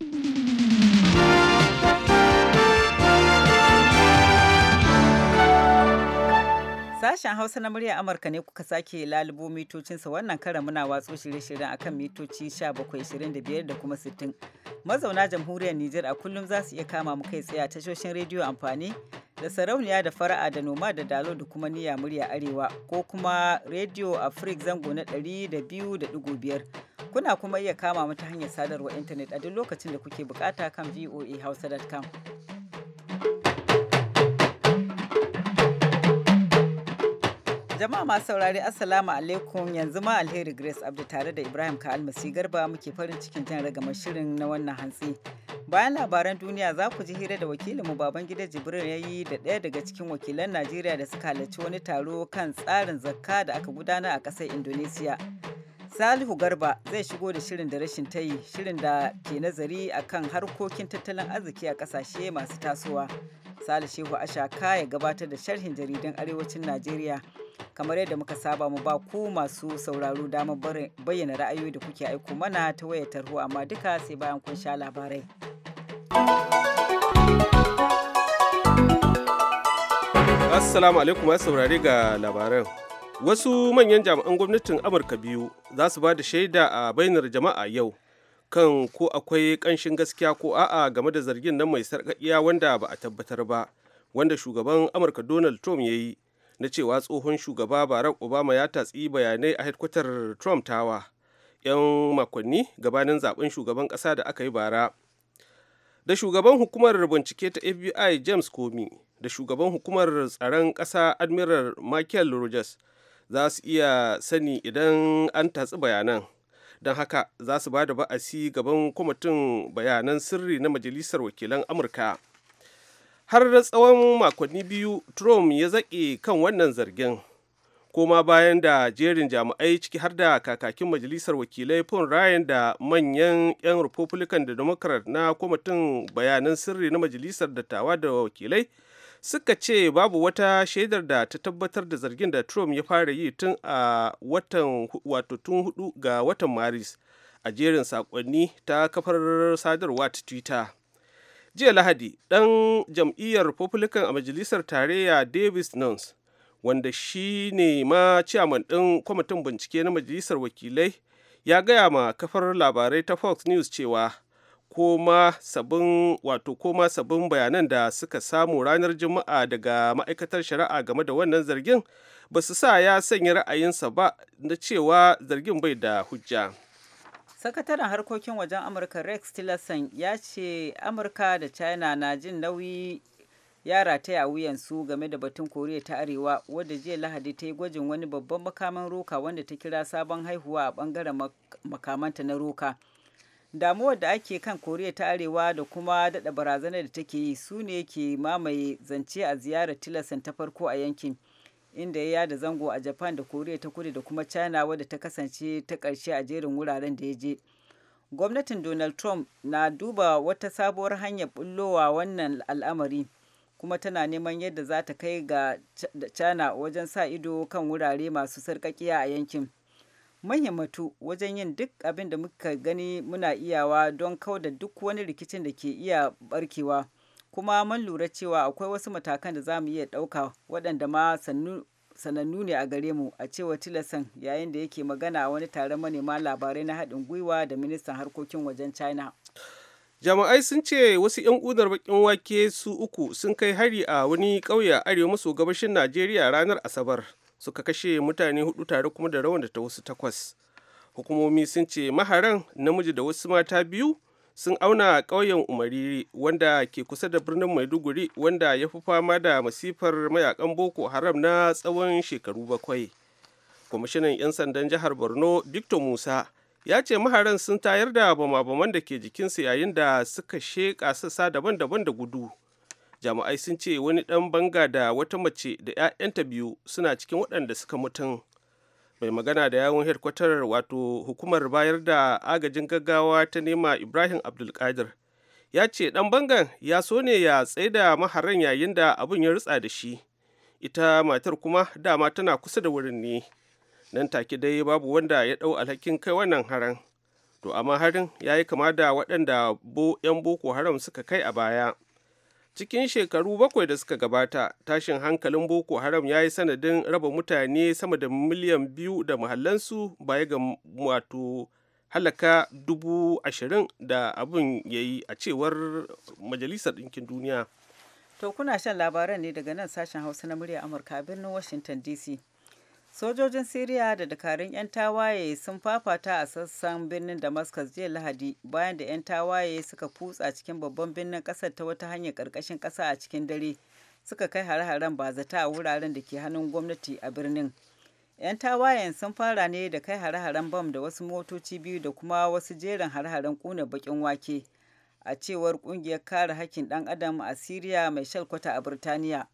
Mm-hmm. Sashen Hausa na murya Amurka ne kuka sake lalubo mitocinsa wannan karan muna watsu shirye-shiryen akan mitoci 1725 da kuma 60. Mazauna jamhuriyar Nijar a kullum za su iya kama mu kai tsaye a tashoshin rediyo amfani da sarauniya da fara'a da noma da dalo da kuma niyya murya arewa ko kuma rediyo Afrik zango na 200.5 kuna kuma iya kama mu ta hanyar sadarwar intanet a duk lokacin da kuke bukata kan voa hausa.com. Jama'a masu saurari Assalamu alaikum yanzu ma Alheri Grace Abdu tare da Ibrahim ka almasi Garba muke farin cikin jan ragama shirin na wannan hantsi. Bayan labaran duniya za ku ji hira da wakilin mu baban gida Jibril yayi da ɗaya daga cikin wakilan Najeriya da suka halarci wani taro kan tsarin zakka da aka gudana a ƙasar Indonesia. Salihu Garba zai shigo da shirin da rashin tayi shirin da ke nazari akan harkokin tattalin arziki a ƙasashe masu tasowa. Salihu Shehu Ashaka ya gabatar da sharhin jaridan Arewacin Najeriya. kamar yadda muka saba mu ba ku masu sauraro damar bayyana ra'ayoyi da kuke aiko mana ta wayar tarho amma duka sai bayan kun sha labarai. Assalamu alaikum masu saurare ga labaran. Wasu manyan jami'an gwamnatin Amurka biyu za su ba da shaida a bainar jama'a yau kan ko akwai ƙanshin gaskiya ko a'a game da zargin nan mai sarƙaƙiya wanda ba a tabbatar ba, wanda shugaban Amurka Donald Trump ya yi na cewa tsohon shugaba barack obama ya tatsi bayanai a hedkwatar trump tawa 'yan makonni gabanin zaben shugaban ƙasa da aka yi bara da shugaban hukumar bincike ta fbi james comey da shugaban hukumar tsaron ƙasa admiral michael rogers za su iya sani idan an tatsi bayanan don haka za su ba da ba'asi gaban kwamitin bayanan sirri na majalisar wakilan amurka har da tsawon makonni biyu trump ya zaƙe kan wannan zargin koma bayan da jerin jami'ai ciki har da kakakin majalisar wakilai pun ryan da manyan 'yan republican da democrat na kwamitin bayanan sirri na majalisar dattawa da wakilai suka ce babu wata shaidar da ta tabbatar da zargin da trump ya fara yi tun a watan wato tun hudu ga watan maris a jerin sakonni ta kafar sadarwa ta twitter jiya lahadi ɗan jam'iyyar republican a majalisar tarayya davis nuns wanda shi ne ma ciyaman ɗin kwamitin bincike na majalisar wakilai ya gaya ma kafar labarai ta fox news cewa koma sabin wato koma sabin bayanan da suka samu ranar juma'a daga ma'aikatar shari'a game da wannan zargin ba su sa ya sanya ra'ayinsa ba na cewa zargin bai da hujja sakataren harkokin wajen amurka rex tillerson ya ce amurka da china na jin nauyi ya rataya a wuyansu game da batun koriya ta arewa wadda jiya lahadi ta yi gwajin wani babban makaman roka wanda ta kira sabon haihuwa a bangaren makamanta na roka damuwar da ake kan koriya ta arewa da kuma daɗa barazanar da take yi su ne ke mamaye zance a ziyarar Tillerson ta farko a yankin inda ya yada zango a Japan da Koriya ta kudu da kuma China wadda ta kasance ta karshe a jerin wuraren da ya je. Gwamnatin Donald Trump na duba wata sabuwar hanyar bullowa wannan al'amari kuma tana neman yadda za ta kai ga China wajen sa ido kan wurare masu sarkakiya a yankin. mahimmatu wajen yin duk abin da muka gani muna iyawa don da duk wani rikicin da ke iya barkewa. kuma mun lura cewa akwai wasu matakan da za mu iya ɗauka waɗanda ma sanannu ne a gare mu a cewa tilasan yayin da yake magana a wani taron manema labarai na haɗin gwiwa da ministan harkokin wajen china jama'ai sun ce wasu 'yan udar bakin wake su uku sun kai hari a wani ƙauye arewa maso gabashin najeriya ranar asabar suka kashe mutane hudu tare kuma da rawan da ta wasu takwas hukumomi sun ce maharan namiji da wasu mata biyu sun auna ƙauyen umariri wanda ke kusa da birnin maiduguri wanda ya fi fama da masifar mayakan boko haram na tsawon shekaru bakwai kwamishinan 'yan sandan jihar borno victor musa ya ce maharan sun tayar da bama-baman da ke jikinsu yayin da suka sheƙa sassa daban-daban da gudu jami'ai sun ce wani ɗan banga da wata mace da 'ya'yanta biyu suna cikin waɗanda suka mutum mai magana da yawon hedkwatar wato hukumar bayar da agajin gaggawa ta nema ibrahim abdulkadir ya ce dan bangan ya so ne ya tsaida maharan yayin da abin ya rutsa da shi ita matar kuma dama tana kusa da wurin ne nan take dai babu wanda ya dau alhakin kai wannan haran to amma harin ya yi kama da waɗanda 'yan boko haram suka kai a baya cikin shekaru bakwai da suka gabata tashin hankalin boko haram ya yi sanadin raba mutane sama da miliyan biyu da mahallansu baya ga wato halaka dubu ashirin da abun ya yi a cewar majalisar ɗinkin duniya to kuna shan labaran ne daga nan sashen hausa na murya amurka birnin washington dc sojojin siriya da dakarun 'yan tawaye sun fafata a sassan birnin damascus jiya lahadi bayan da 'yan tawaye suka kutsa cikin babban birnin kasar ta wata hanyar karkashin kasa a cikin dare suka kai hare-haren bazata a wuraren da ke hannun gwamnati a birnin 'yan tawayen sun fara ne da kai hare-haren bam da wasu motoci biyu da kuma wasu jerin hare-haren kuna bakin wake a cewar kungiyar kare hakkin dan adam a siriya mai shalkwata a birtaniya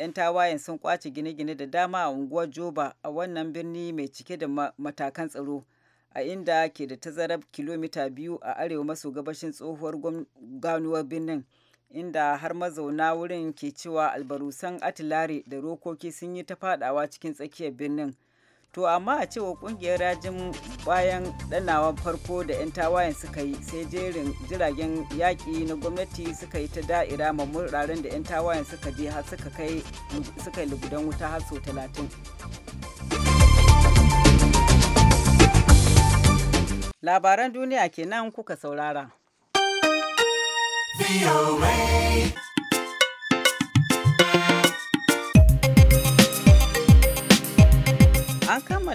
'yan tawayen sun kwace gine-gine da dama a unguwar Joba a wannan birni mai cike da matakan tsaro a inda ke da tazarar kilomita biyu a arewa maso gabashin tsohuwar ganuwar birnin inda har mazauna wurin ke cewa albarusan atilare da rokoki sun yi ta fadawa cikin tsakiyar birnin. to amma a cewa kungiyar rajin bayan danawan farko da 'yan tawayen suka yi sai jerin jiragen yaƙi na gwamnati suka yi ta da'ira ma mamuraren da 'yan tawayen suka je har suka kai suka lugudan wuta har sau talatin labaran duniya kenan kuka saurara.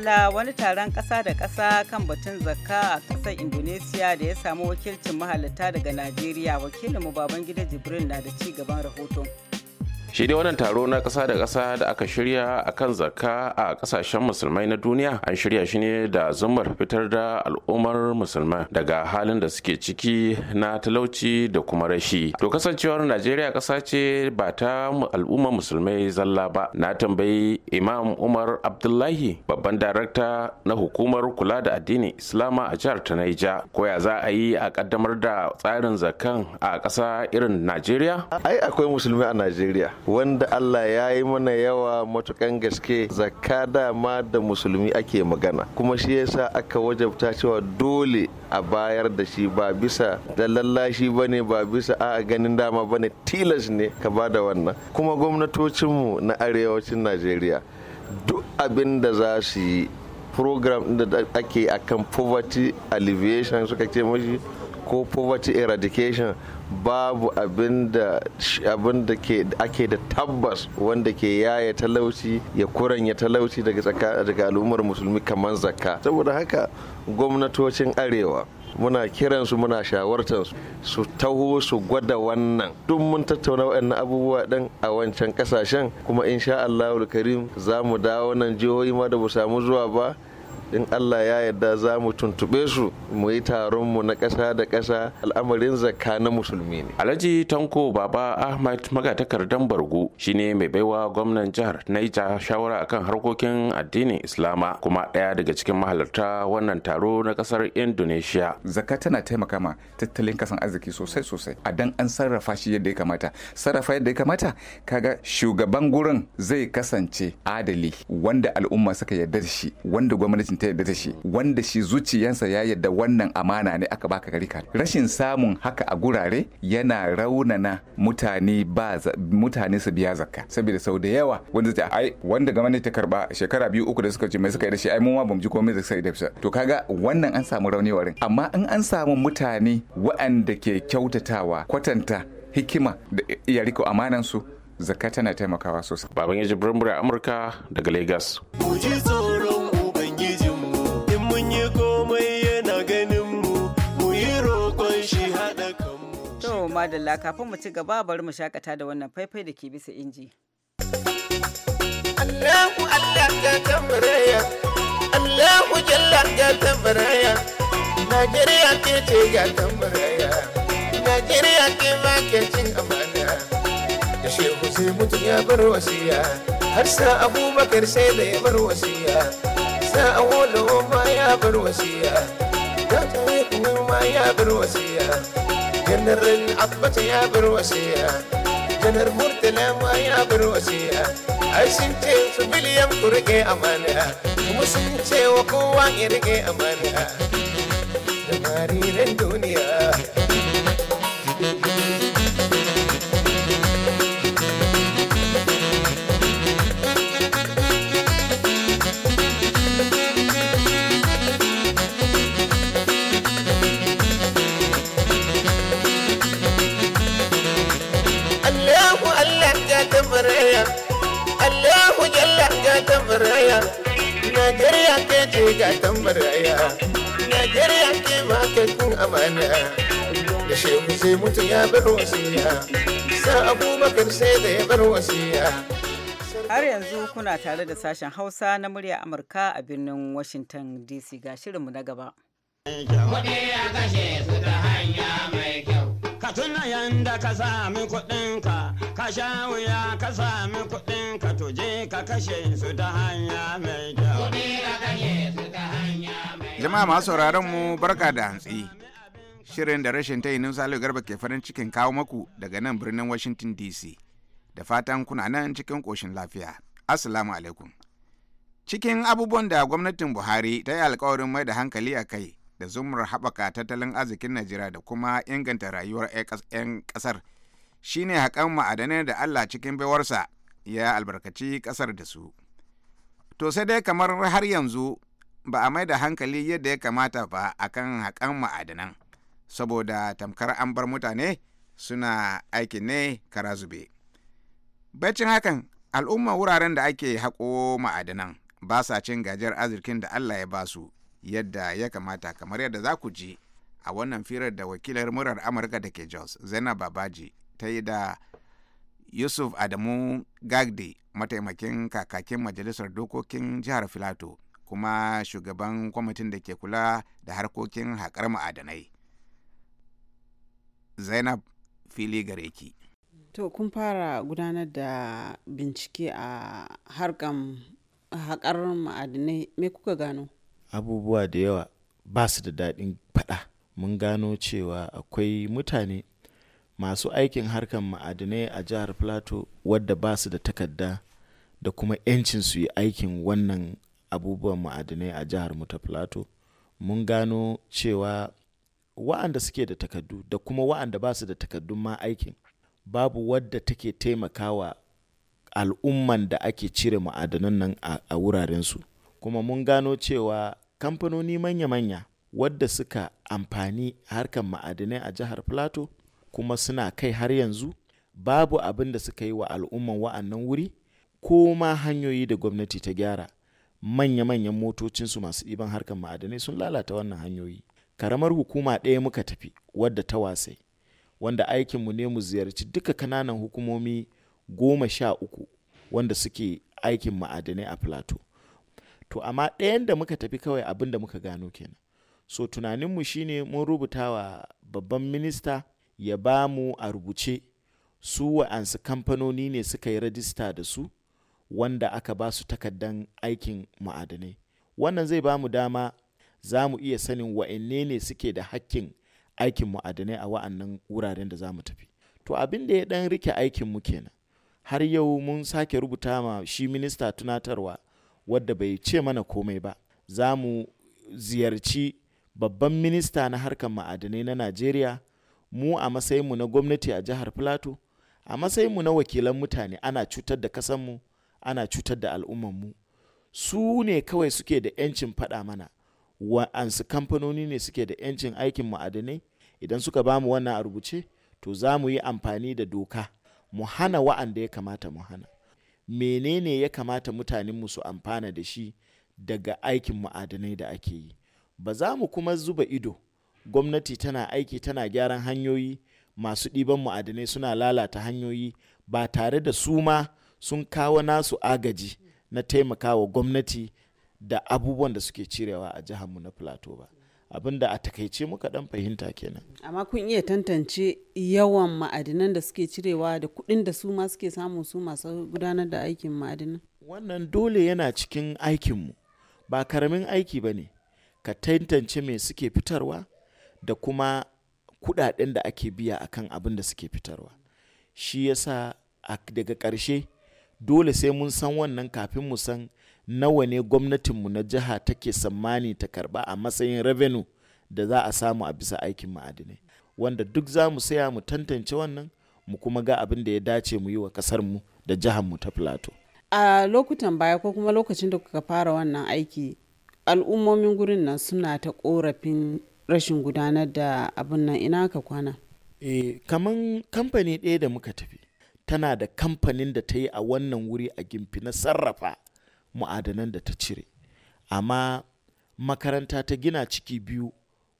kammala wani taron ƙasa da ƙasa kan batun zakka a ƙasar Indonesia da ya samu wakilcin mahalarta daga Najeriya wakilinmu Babangida Jibril na da ci gaban rahoton. shi dai wannan taro na kasa da kasa da aka shirya a kan zakka a ƙasashen musulmai na duniya an shirya shi ne da zumar fitar da al'ummar musulmai, daga halin da suke ciki na talauci da kuma rashi to kasancewar najeriya ƙasa ce ba ta al'ummar musulmai zalla ba na tambayi imam umar abdullahi babban darakta na hukumar kula da addinin islama a jihar ta naija ko ya za a yi a ƙaddamar da tsarin zakan a ƙasa irin najeriya ai akwai musulmai a najeriya wanda Allah ya yi mana yawa matukan gaske zakka dama da musulmi ake magana kuma shi yasa aka wajabta cewa dole a bayar da shi ba bisa da lallashi ba ne ba bisa a ganin dama ba ne tilas ne ka ba da wannan kuma gwamnatocinmu na arewacin najeriya duk abin da za su yi program da ake akan poverty alleviation suka ce mashi ko poverty eradication babu abin da ake da tabbas wanda ke yaya talauci ya kuranya talauci daga al'ummar musulmi kamar zakka saboda haka gwamnatocin arewa muna kiransu muna shawartar su taho su gwada wannan duk mun tattauna waɗannan abubuwa ɗin a wancan kasashen kuma insha Allah Karim za mu dawo nan jihohi ma da mu samu zuwa ba in allah ya yarda za mu tuntuɓe su mu yi taron mu na kasa da kasa al'amarin zakka na musulmi ne alhaji tanko baba ahmad magatakardan bargu shine mai baiwa gwamnan jihar naija shawara akan harkokin addinin islama kuma ɗaya daga cikin mahalarta wannan taro na ƙasar indonesia zakka tana taimaka ma tattalin kasan arziki sosai sosai a dan an sarrafa shi yadda ya kamata sarrafa yadda ya kamata kaga shugaban gurin zai kasance adali wanda al'umma suka yarda da shi wanda gwamnati gwamnatin ta yadda ta shi wanda shi zuciyansa ya yadda wannan amana ne aka baka gari ka rashin samun haka a gurare yana raunana mutane ba mutane su biya zakka saboda sau da yawa wanda zai ai wanda ga ta karba shekara biyu uku da suka ce mai suka yi da shi ai mu ma bamu ji komai da sai da to kaga wannan an samu rauni warin amma in an samu mutane waɗanda ke kyautatawa kwatanta hikima da iya riko amanansu zakka tana taimakawa sosai baban yaji a amurka daga lagos madalla kafin mu ci gaba bari mu shakata da wannan faifai da ke bisa inji. Allahu Allah ka tambaraya, Allahu Jalla ka tambaraya, Najeriya ke ce ga tambaraya, Najeriya ke ma ke cin amana. Da shehu sai mutum ya bar wasiya, har sa Abubakar sai da ya bar wasiya, sa Awolowo ma ya bar wasiya, Dr. Hekumin ma ya bar wasiya. janar abbas ya bar wasiya janar murtala ma ya bar wasiya ai sun ce su biliyan ku rike amana kuma sun wa kowa ya rike amana da mariren jalla ta tambaraya Allahu jalla ta tambaraya Najeriya ke ce ga tambaraya Najeriya ke ma kai kun amana da shehu sai mutu ya bar wasiya sa abubakar sai da ya bar wasiya Har yanzu kuna tare da sashen Hausa na murya Amurka a birnin Washington DC ga shirinmu na gaba. Kuɗi a kashe su ta hanya mai kyau. ka tuna yanda ka sami kuɗinka ka sha wuya ka sami kuɗinka to je ka kashe su ta hanya mai kyau jama'a masu sauraron mu barka da hantsi shirin da rashin tayinin salo garba ke farin cikin kawo maku daga nan birnin washington dc da fatan kuna nan cikin koshin lafiya assalamu alaikum cikin abubuwan da gwamnatin buhari ta yi alkawarin mai da hankali a kai da zumar haɓaka tattalin arzikin najeriya da kuma inganta rayuwar 'yan ƙasar ne haƙan ma'adanai da allah cikin baiwarsa ya albarkaci ƙasar da su to sai dai kamar har yanzu ba a mai da hankali yadda ya kamata ba a kan haƙan ma'adanan saboda tamkar an bar mutane suna aikin ne kara zube baccin hakan al'umma wuraren da ake haƙo ma'adanan ba sa cin gajiyar arzikin da allah ya ba su yadda ya kamata kamar yadda za ku ji a wannan firar da wakilar murar amurka da ke jos zainab babaji ta yi da yusuf adamu gagdi mataimakin kakakin majalisar dokokin jihar filato kuma shugaban kwamitin da ke kula da harkokin haƙar ma'adanai zainab fili gareki to kun fara gudanar da bincike a harkar haƙar ma'adanai me kuka gano abubuwa da yawa ba su da daɗin faɗa. Mun gano cewa akwai mutane masu aikin harkar ma'adinai a jihar plateau wadda ba su da takarda da kuma 'yancin su yi aikin wannan abubuwan ma'adinai a jihar mu ta Mun gano cewa wa'anda suke da takardu da kuma wa'anda ba su da takardun ma aikin babu wadda take taimakawa al'umman da ake cire ma'adanan nan a wurarensu. Kuma mun gano cewa kamfanoni manya-manya wadda suka amfani harkar ma'adinai a jihar plato kuma suna kai har yanzu babu abin da suka yi wa al'umman wa'annan wuri ko ma hanyoyi da gwamnati ta gyara manya-manyan motocinsu masu ɗiban harkar ma'adinai sun lalata wannan hanyoyi karamar hukuma ɗaya muka tafi wadda ta wasai wanda aikinmu ne mu ziyarci duka kananan hukumomi goma sha uku wanda suke aikin ma'adinai a plateau to amma ɗayan da muka tafi kawai abin da muka gano kenan so tunaninmu shine mun rubuta wa babban minista ya ba mu a rubuce su wa'ansu kamfanoni ne suka yi rajista da su wanda aka ba su takardan aikin ma'adanai wannan zai ba mu dama za mu iya sanin wa'anne ne suke da hakkin aikin ma'adanai a wa'annan wuraren da za mu tafi to abin da ya ɗan rike aikin mu kenan har yau mun sake rubuta ma shi minista tunatarwa wadda bai ce mana komai ba za mu ziyarci babban minista na harkar ma'adanai na najeriya mu a matsayinmu na gwamnati a jihar plateau a matsayinmu na wakilan mutane ana cutar da kasanmu ana cutar da al'ummanmu su ne kawai suke da 'yancin faɗa mana wa'ansu kamfanoni ne suke da 'yancin aikin ma'adanai idan suka ba mu wannan a rubuce to za mu yi amfani da doka mu hana wa'anda ya kamata mu hana menene ya kamata mutanenmu su amfana da shi daga aikin ma'adanai da ake yi ba za mu kuma zuba ido gwamnati tana aiki tana gyaran hanyoyi masu ɗiban ma'adanai suna lalata hanyoyi ba tare da su ma sun kawo nasu agaji na taimakawa gwamnati da abubuwan da suke cirewa a jihar mu na plateau ba abin da a takaice muka dan fahimta kenan amma kun iya tantance yawan ma'adinan da suke cirewa da kuɗin da su ma suke samu su masu gudanar da aikin ma'adinan wannan dole yana cikin aikinmu ba karamin aiki ba ne ka tantance me suke fitarwa da kuma kuɗaɗen da ake biya akan abin da suke fitarwa shi yasa daga ƙarshe dole sai mun san wannan kafin mu san nawa ne gwamnatinmu na jiha take tsammani ta karba a matsayin revenue da za a samu a bisa aikin ma'adinai wanda duk za mu saya mu tantance wannan mu kuma ga abin da ya dace mu yi wa kasarmu da jihar mu ta plato a lokutan baya ko kuma lokacin da kuka fara wannan aiki al'ummomin gurin nan suna ta korafin rashin gudanar da abin nan ina ka kwana e, kaman kamfani ɗaya da muka tafi tana da kamfanin da ta yi a wannan wuri a gimfi na sarrafa mu'adanan da ta cire amma makaranta ta gina ciki biyu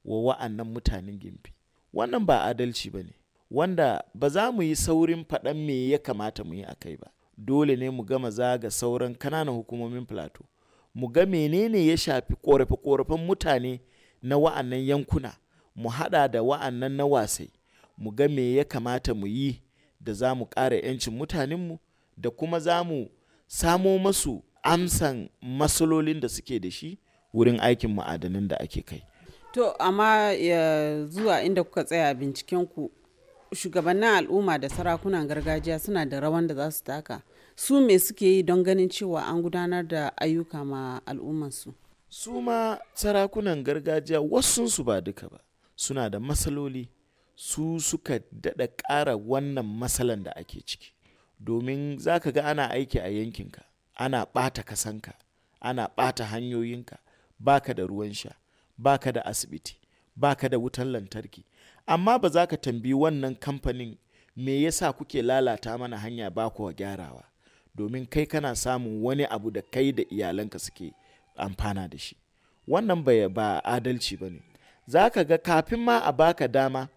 wa wa'annan mutanen gimbi wannan ba adalci ba ne wanda ba za mu yi saurin faɗan me ya kamata mu yi a kai ba dole ne mu gama zaga sauran kananan hukumomin plateau mu ga menene ya shafi korafe-korafen mutane na wa'annan yankuna mu haɗa da wa'annan na wasai mu ga me ya kamata mu yi da za mu ƙara 'yancin mutanenmu da kuma za mu samo masu amsan masalolin da suke da shi wurin aikin ma'adanan da ake kai. To, amma ya zuwa inda kuka tsaya bincikenku, shugabannin al'umma da sarakunan gargajiya suna da rawan da za su taka. Su me suke yi don ganin cewa an gudanar da ayyuka ma al'ummansu? Su ma sarakunan gargajiya wasunsu ba duka ba, suna da masaloli su suka daɗa ƙara wannan matsalan da ake ciki. Domin za ka ga ana aiki a yankinka. ana ɓata kasanka ana ɓata hanyoyinka baka da ruwan sha baka da asibiti baka da wutan lantarki amma ba za ka tambayi wannan kamfanin me yasa kuke lalata mana hanya ba kuwa gyarawa domin kai kana samun wani abu da kai da iyalanka suke amfana da shi wannan ba adalci ba ne za ka ga kafin ma a baka dama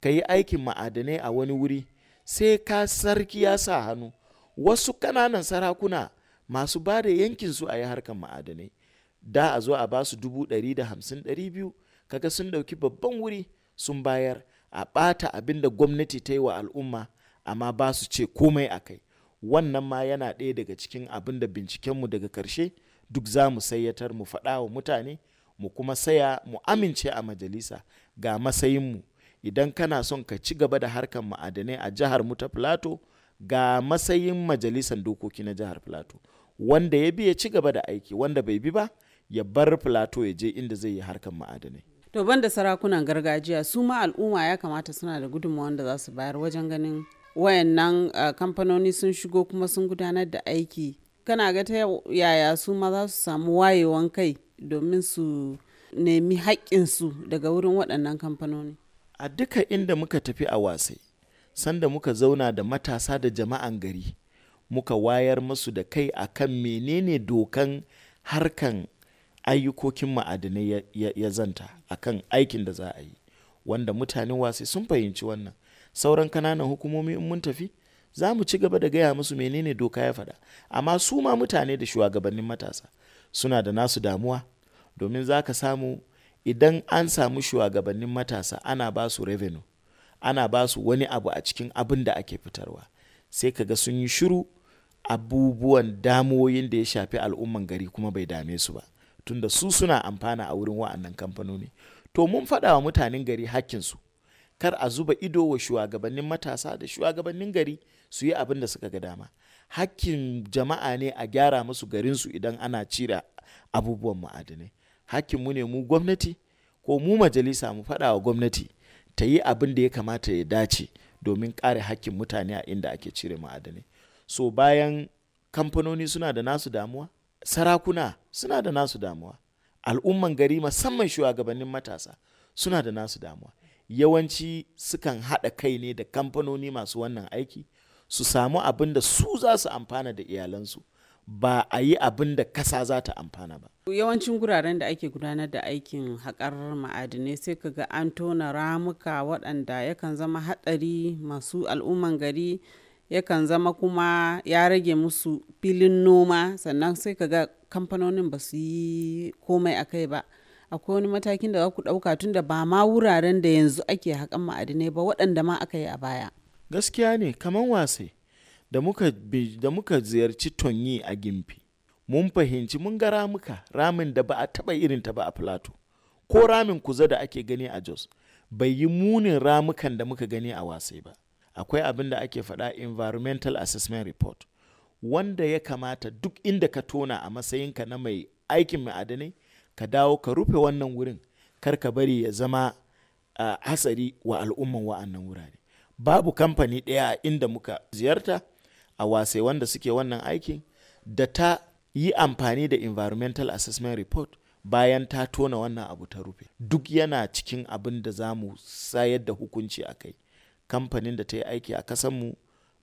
ka yi aikin ma'adanai a wani wuri sai ka sarki ya sa hannu wasu ƙananan sarakuna masu ba da yankin su a yi harkar ma'adanai da a zo a ba su dubu ɗari da hamsin ɗari biyu kaga sun ɗauki babban wuri sun bayar a ɓata abin da gwamnati ta yi wa al'umma amma ba su ce komai a kai wannan ma yana ɗaya daga cikin abin da bincikenmu daga karshe duk za mu sayyatar mu faɗa wa mutane mu kuma saya mu amince a majalisa ga matsayinmu idan kana son ka ci gaba da harkar ma'adanai a jihar mu ta plato ga matsayin majalisar dokoki na jihar plateau wanda ya bi ya ci gaba da aiki wanda bai bi ba ya bar filato ya je inda zai yi harkar ma'adanai to banda sarakunan gargajiya su ma al'umma ya kamata suna da gudunmawar da za su bayar wajen ganin wayannan kamfanoni sun shigo kuma sun gudanar da aiki kana ga ta yaya su ma za su samu wayewan kai domin su nemi haƙƙinsu daga wurin waɗannan kamfanoni a duka inda muka tafi a wasai sanda muka zauna da matasa da jama'an gari muka wayar musu da kai akan menene dokan harkan ayyukokin ma'adinai ya zanta akan aikin da za a yi wanda mutane wasu sun fahimci wannan sauran kananan hukumomi in mun tafi za mu ci gaba da gaya musu menene doka ya faɗa amma su ma mutane da shugabannin matasa suna da nasu damuwa domin za ka samu idan an samu shugabannin matasa ana ba su revenue ana ba su wani abu a cikin abin da ake fitarwa sai ka ga sun yi shiru abubuwan damoyin da ya shafi al'umman gari kuma bai dame su ba tunda su suna amfana a wurin wa'annan kamfanoni to mun faɗa wa mutanen gari hakkinsu kar a zuba ido wa shugabannin matasa da shugabannin gari su yi abin da suka ga dama hakkin jama'a ne a gyara musu garin su idan ana cire abubuwan ma'adanai mu ne mu gwamnati ko mu majalisa mu faɗa wa gwamnati ta yi abin da ya kamata ya dace domin kare hakkin mutane a inda ake cire ma'adanai so bayan kamfanoni suna da nasu damuwa sarakuna suna da nasu damuwa al'umman gari musamman shugabannin matasa suna da nasu damuwa yawanci sukan haɗa kai ne da kamfanoni masu wannan aiki su samu abin da su za su amfana da iyalansu ba a yi abin da kasa za ta amfana ba yawancin guraren da ake gudanar da aikin haƙar ma'adinai sai ka ga an tona ramuka waɗanda yakan zama haɗari masu al'umman gari yakan zama kuma ya rage musu filin noma sannan sai ka ga kamfanonin ba su yi komai a kai ba akwai wani matakin da za ku ɗauka tun da ba ma wuraren da yanzu ake haƙan ma'adinai ba waɗanda ma aka yi a baya gaskiya ne kamar wasai da muka, da muka ziyarci tonyi a gimfi mun fahimci mun ga ramuka ramin da ba a taɓa irin ta ba a filato ko ramin kuza da ake gani a jos bai yi munin ramukan da muka gani a wasai ba akwai abin da ake faɗa environmental assessment report wanda ya kamata duk inda ka tona a matsayinka na mai aikin ma'adanai ka dawo ka rufe wannan wurin kar ka bari ya zama hatsari hasari wa al'umman wa'annan wurare babu kamfani ɗaya inda muka ziyarta a wasai wanda suke wannan aikin da ta yi amfani da environmental assessment report bayan ta tona wannan abu ta rufe duk yana cikin abin da za mu sayar da hukunci a kai kamfanin da ta yi aiki a kasanmu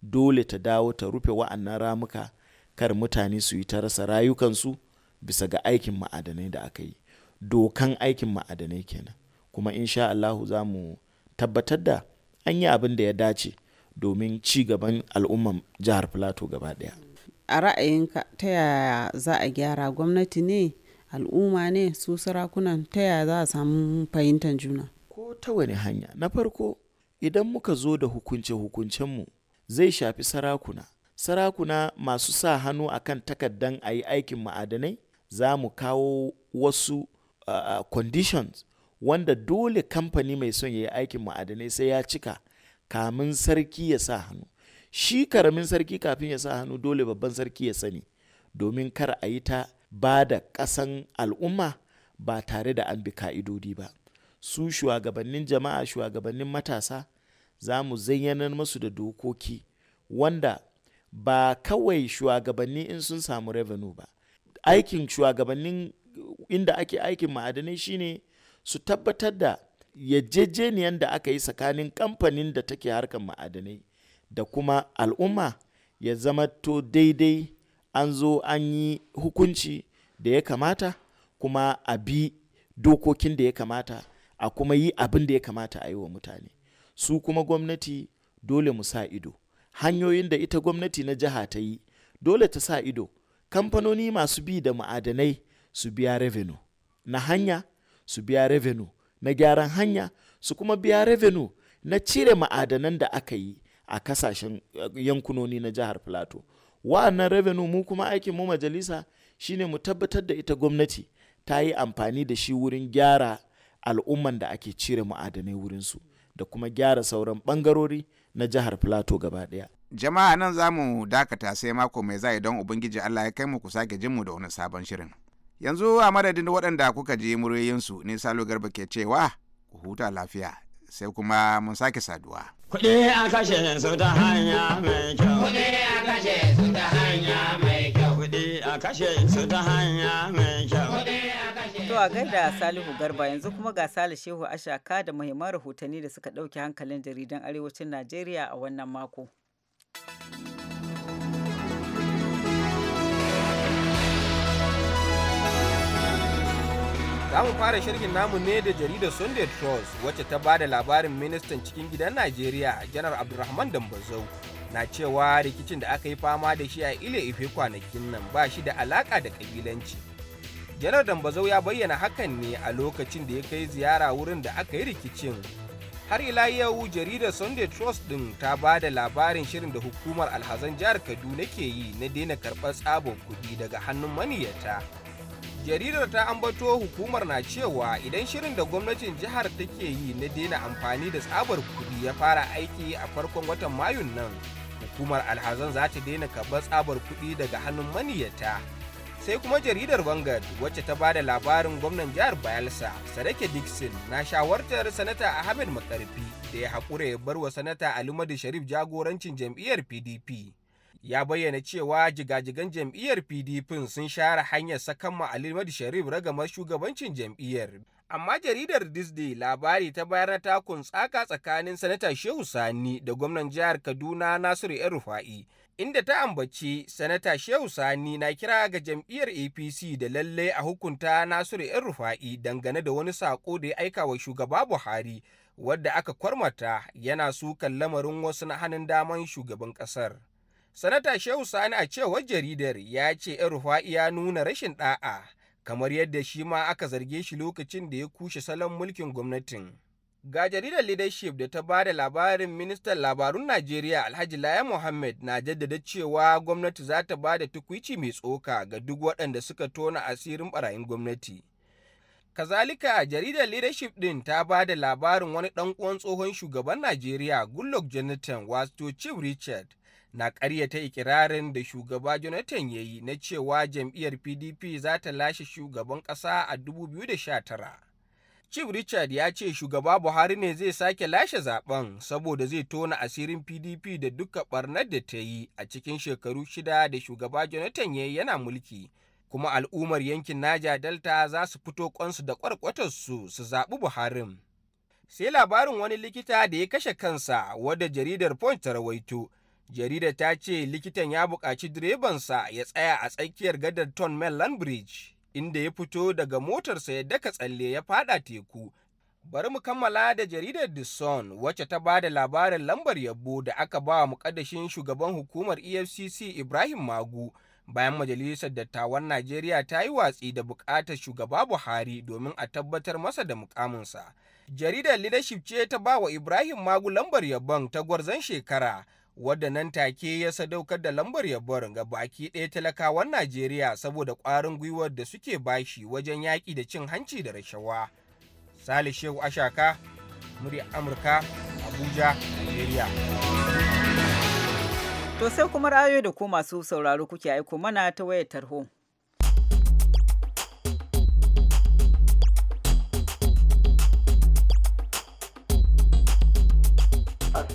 dole ta dawo ta rufe wa'annan ramuka kar mutane su yi ta rasa rayukansu bisa ga aikin ma'adanai da aka yi dokan aikin ma'adanai kenan kuma insha Allahu za mu tabbatar da an yi abin da ya dace domin ci gaban al'umman jihar Filato gaba ɗaya. A ra'ayinka ta yaya za a gyara gwamnati ne al'umma ne su sarakunan ta yaya za a samu fahimtar juna? Ko ta wani hanya na farko Idan muka zo da hukunce-hukuncenmu, zai shafi sarakuna. Sarakuna masu sa hannu a kan takardan a yi aikin ma'adanai, za mu kawo wasu uh, conditions wanda dole kamfani mai son ya yi aikin ma'adanai sai ya cika kamin sarki ya sa hannu. Shi karamin sarki kafin ya sa hannu dole babban sarki ya sani, domin kar a yi ta ba da ƙasan al'umma ba tare da an bi ka'idodi ba. su shugabannin jama'a shugabannin matasa za mu zayyanar masu da dokoki wanda ba kawai shugabanni in sun samu revenue ba aikin shugabannin inda ake aikin ma'adanai shine su tabbatar da yajejeniyar da aka yi tsakanin kamfanin da take harkar ma'adanai da kuma al'umma ya zama to daidai an zo an yi hukunci da ya kamata kuma a bi dokokin da ya kamata a kuma yi abin da ya kamata a yi wa mutane su kuma gwamnati dole mu sa ido hanyoyin da ita gwamnati na jiha ta yi dole ta sa ido kamfanoni masu bi da ma'adanai su biya revenue na hanya su biya revenue na gyaran hanya su kuma biya revenue na cire ma'adanan da aka yi a kasashen eh, yankunoni na jihar plateau wa'annan revenue mu kuma aikin mu majalisa shine mu tabbatar da ita gwamnati ta yi amfani da shi wurin gyara al'umman da ake cire ma'adanai wurinsu da kuma gyara sauran bangarori na jihar plateau gaba daya jama'a nan za mu dakata sai mako mai za don ubangiji allah ya kai mu ku sake jin mu da wani sabon shirin yanzu a madadin waɗanda kuka ji muryoyinsu ne salo garba ke cewa ku huta lafiya sai kuma mun sake saduwa kuɗi a kashe su ta hanya mai kyau kuɗi a kashe su ta hanya mai kashe su ta hanya mai kyau. To a gaida Salihu Garba yanzu kuma ga Salihu Shehu Ashaka da muhimman rahotanni da suka ɗauke hankalin jaridan Arewacin Najeriya a wannan mako. zamu fara shirgin namu ne da jaridar Sunday Trust wacce ta ba da labarin ministan cikin gidan Najeriya Janar Abdulrahman Dambazau na cewa rikicin da aka yi fama da shi a ile ife kwanakin nan ba shi da alaƙa da ƙabilanci. janar dambazau ya bayyana hakan ne a lokacin da ya kai ziyara wurin da aka yi rikicin har ila yau jaridar sunday trust din ta ba da labarin shirin da hukumar alhazan jihar kaduna ke yi na daina karɓar tsabon kuɗi daga hannun maniyyata. jaridar ta ambato hukumar na cewa idan shirin da gwamnatin jihar take yi na daina amfani da tsabar kudi ya fara aiki a farkon watan mayun nan hukumar alhazan za ta daina karɓar tsabar kudi daga hannun maniyata sai kuma jaridar Vanguard wacce ta ba da labarin gwamnan jihar Bayelsa Sadake Dixon na shawartar sanata Ahmed Makarfi da ya haƙura ya bar wa sanata alimadu Sharif jagorancin jam'iyyar PDP. ya bayyana cewa jigajigan jam'iyyar pdp sun share hanyar sakan ma'alimadu sharif ragamar shugabancin jam'iyyar amma jaridar disney labari ta bayar na takun tsaka tsakanin sanata shehu sani da gwamnan jihar kaduna nasiru yan rufa'i inda ta ambaci sanata shehu sani na kira ga jam'iyyar apc da lalle a hukunta nasiru yan rufa'i dangane da wani sako da ya aika wa shugaba buhari wadda aka kwarmata yana sukan lamarin wasu na hannun daman shugaban kasar Sanata Shehu Sani a cewar jaridar ya ce 'Yar Rufa'i ya nuna rashin ɗa'a kamar yadda shi ma aka zarge shi lokacin da ya kushe salon mulkin gwamnatin. Ga jaridar Leadership da ta ba da labarin ministan labarun Najeriya Alhaji Laya Mohammed na jaddada cewa gwamnati za ta ba da tukwici mai tsoka ga duk waɗanda suka tona asirin barayin gwamnati. Kazalika jaridar Leadership ɗin ta ba da labarin wani ɗan uwan tsohon shugaban Najeriya Goodluck Jonathan wato Chief Richard na ƙaryata ikirarin da shugaba Jonathan ya yi na cewa jam'iyyar PDP za ta lashe shugaban ƙasa a 2019. Chief Richard ya ce shugaba Buhari ne zai sake lashe zaben saboda zai tona asirin PDP da duka barnar da ta yi a cikin shekaru shida da shugaba Jonathan ya yi yana mulki. Kuma al'ummar yankin Naja Delta za su fito kwansu da kwarkwatarsu su zaɓi Buharin. Sai labarin wani likita da ya kashe kansa wadda jaridar Point ta rawaito. jaridar ta ce likitan ya buƙaci direbansa ya tsaya a tsakiyar gadar ton mellon bridge inda ya fito daga motarsa ya daka tsalle ya fada teku bari mu kammala da jaridar the sun wacce ta ba da labarin lambar yabo da aka ba wa mukaddashin shugaban hukumar efcc ibrahim magu bayan majalisar dattawan najeriya ta yi watsi da buƙatar shugaba buhari domin a tabbatar masa da mukaminsa jaridar leadership ce ta ba wa ibrahim magu lambar yabon ta gwarzon shekara wadda nan take ya sadaukar da lambar yabon ga baki ɗaya talakawan Najeriya saboda ƙwarin gwiwar da suke bashi wajen yaƙi da cin hanci da rashawa. Sale Shehu Ashaka, murya Amurka, Abuja, Najeriya. To sai kuma ra'ayoyi da ku masu sauraro kuke aiko mana ta wayar tarho.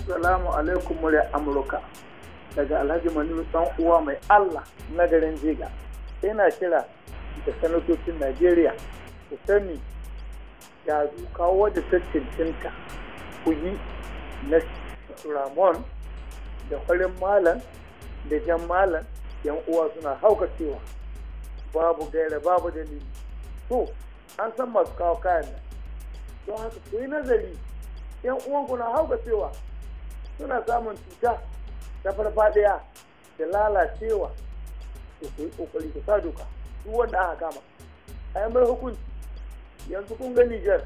Assalamu alaikum murya Amurka daga Alhaji Manu dan uwa mai Allah na garin Jiga. Ina kira da sanatocin Najeriya ku sani ya kawo da ta cincinta ku yi na Ramon da farin malam da jan malam yan uwa suna hauka cewa babu gaira babu dalili. To, an san masu kawo kayan nan. Don haka ku yi nazari yan uwanku na hauka cewa suna samun cuta ta farfadiya da lalacewa to ku yi kokari ku sa doka duk wanda aka kama ai mai hukunci yanzu kun ga Niger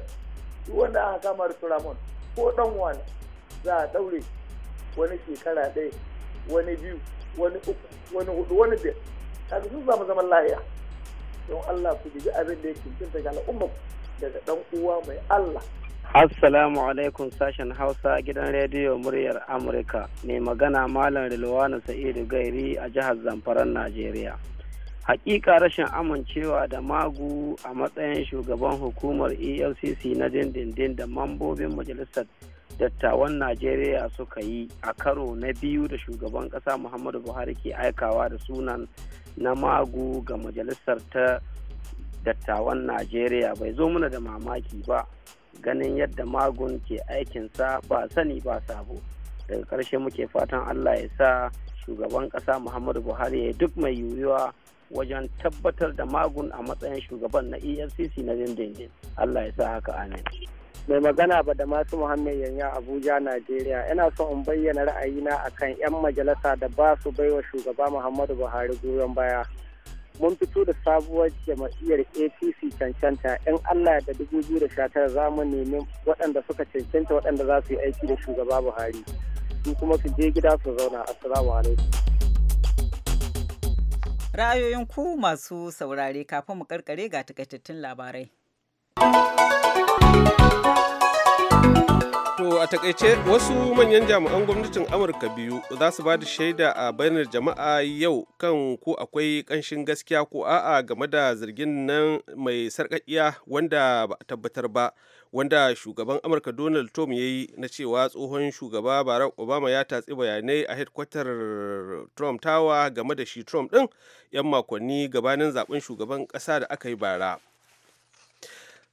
duk wanda aka kama da Turamon ko dan wani za a daure wani shekara ɗaya wani biyu wani uku wani hudu wani biyar kaga sun samu zaman lahiya don Allah ku ji abin da yake cinta ga al'umma daga dan uwa mai Allah Assalamu alaikum sashen Hausa gidan rediyo muryar Amurka mai magana Malam Rilwana Sa'idu Gairi a jihar Zamfaran Najeriya. Hakika rashin amincewa da magu a matsayin shugaban hukumar EFCC na dindindin da mambobin majalisar dattawan Najeriya suka yi a karo na biyu da shugaban ƙasa Muhammadu Buhari ke aikawa da sunan na magu ga majalisar ta dattawan Najeriya bai zo mana da mamaki ba. ganin yadda magun ke aikinsa ba sani ba sabo daga ƙarshe muke fatan allah ya sa shugaban ƙasa muhammadu buhari ya duk mai yiwuwa wajen tabbatar da magun a matsayin shugaban na efcc na dindindin allah ya sa haka amin mai magana ba da masu muhammed yanya abuja najeriya yana so in bayyana ra'ayina akan 'yan majalisa da ba su baiwa shugaba muhammadu buhari goyon baya mun fito da sabuwar jama'iyyar apc cancanta yan allah da 2019 za mu nemi waɗanda suka cancanta waɗanda za su yi aiki da shugaba buhari su kuma su je gida su zauna assalamu alaikum ra'ayoyin ku masu saurare kafin mu karkare ga takaitattun labarai To a takaice wasu manyan jami'an gwamnatin Amurka biyu za su ba da shaida a bayanar jama'a yau kan ko akwai kanshin gaskiya ko a'a game da zargin nan mai sarkakiya wanda ba tabbatar ba wanda shugaban Amurka Donald Trump ya yi na cewa tsohon shugaba Barack Obama ya tatsi bayanai a headquarter Trump Tower game da shi Trump din 'yan makonni gabanin zaben shugaban kasa da aka yi bara.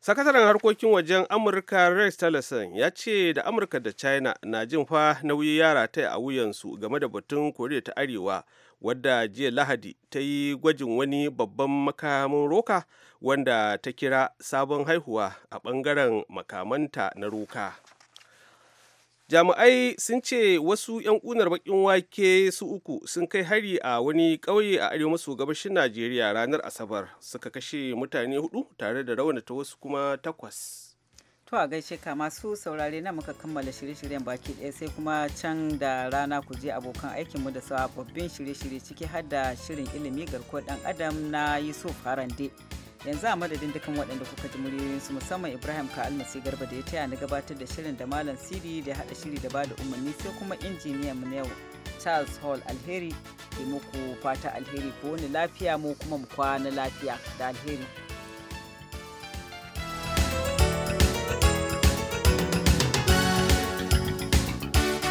sakataren harkokin wajen amurka rex tillerson ya ce da amurka da china na jin fa nauyi yara ta a wuyansu game da batun koriya ta arewa wadda jiya lahadi ta yi gwajin wani babban makamin roka wanda ta kira sabon haihuwa a bangaren makamanta na roka jami'ai sun ce wasu 'yan kunar bakin wake su uku sun kai hari a wani ƙauye a arewa maso gabashin najeriya ranar asabar suka kashe mutane hudu tare da raunata wasu kuma takwas To a gaishe ka masu saurare na muka kammala shirye-shiryen baki ɗaya sai kuma can da rana ku je abokan aikinmu da sababbin shirye-shirye ciki har da shirin ilimi garkuwar dan adam na Yusuf Harande. yanzu a madadin dukkan waɗanda kuka ji muryoyinsu musamman ibrahim ka almasi garba da ya taya na gabatar da shirin da malam siri da haɗa shiri da bada umarni sai kuma injiniyan mu yau charles hall alheri ke muku fata alheri ko wani lafiya mu kuma mu kwana lafiya da alheri